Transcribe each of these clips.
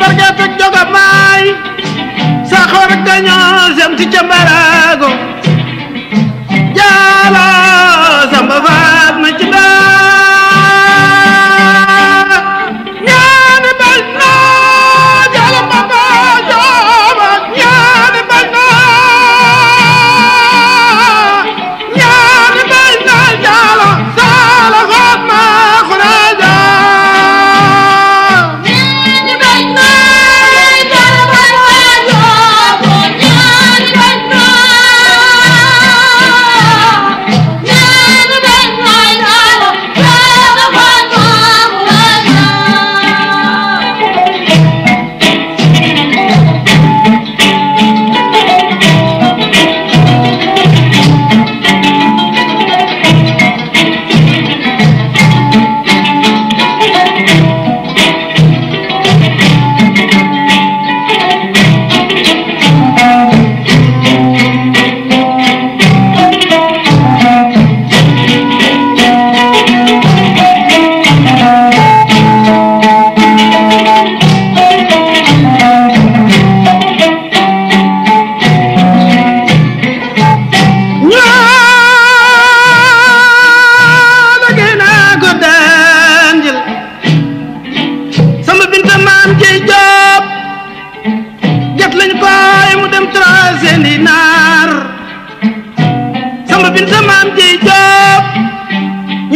barke fekk joga maay sa xor gañoo sem ci cambarago jaala samba faat ma ci daa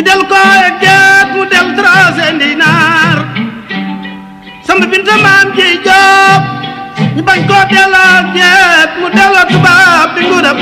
del kooye geet mu del tracé ndiy naar sama binta maam jiy joob ñu bañ koo delloo geet mu delloo tubaab di nguur a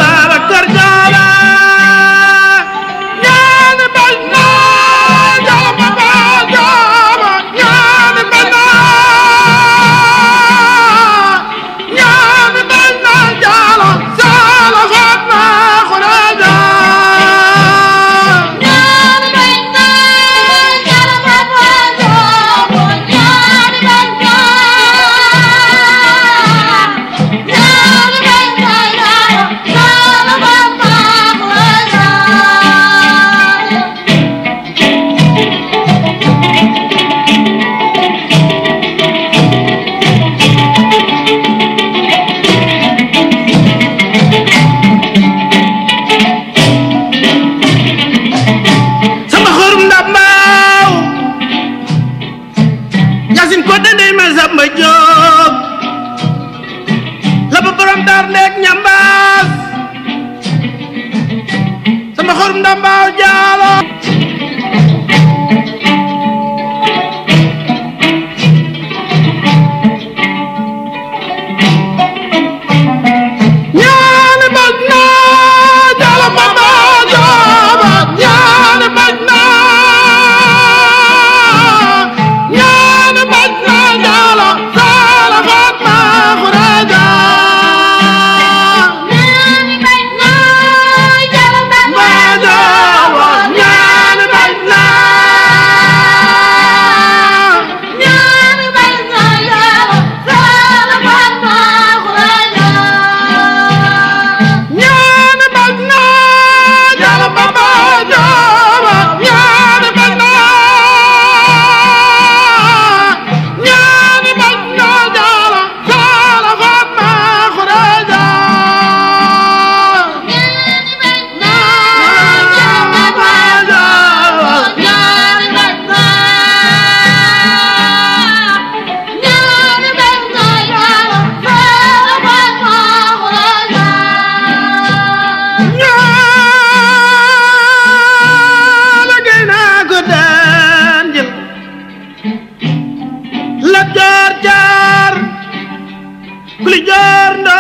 Cerno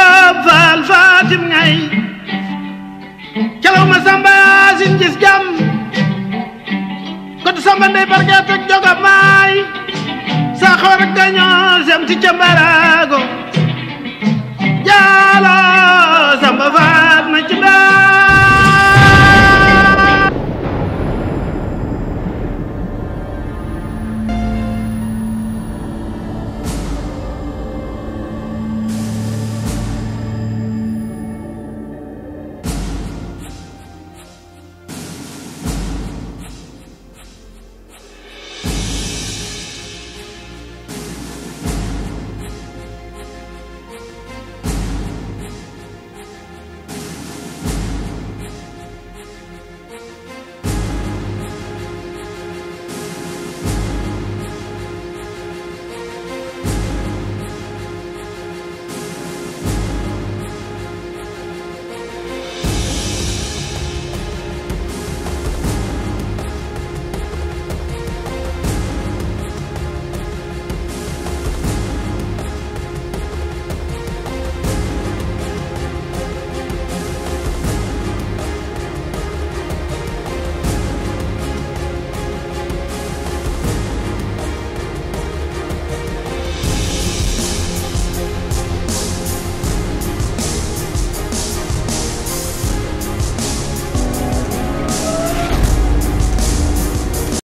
Faal ma Samba Yaasin gis gam ko Samba ndey barke teg joga maay sa xoor ak dañoo jaalo Samba Faat ma ci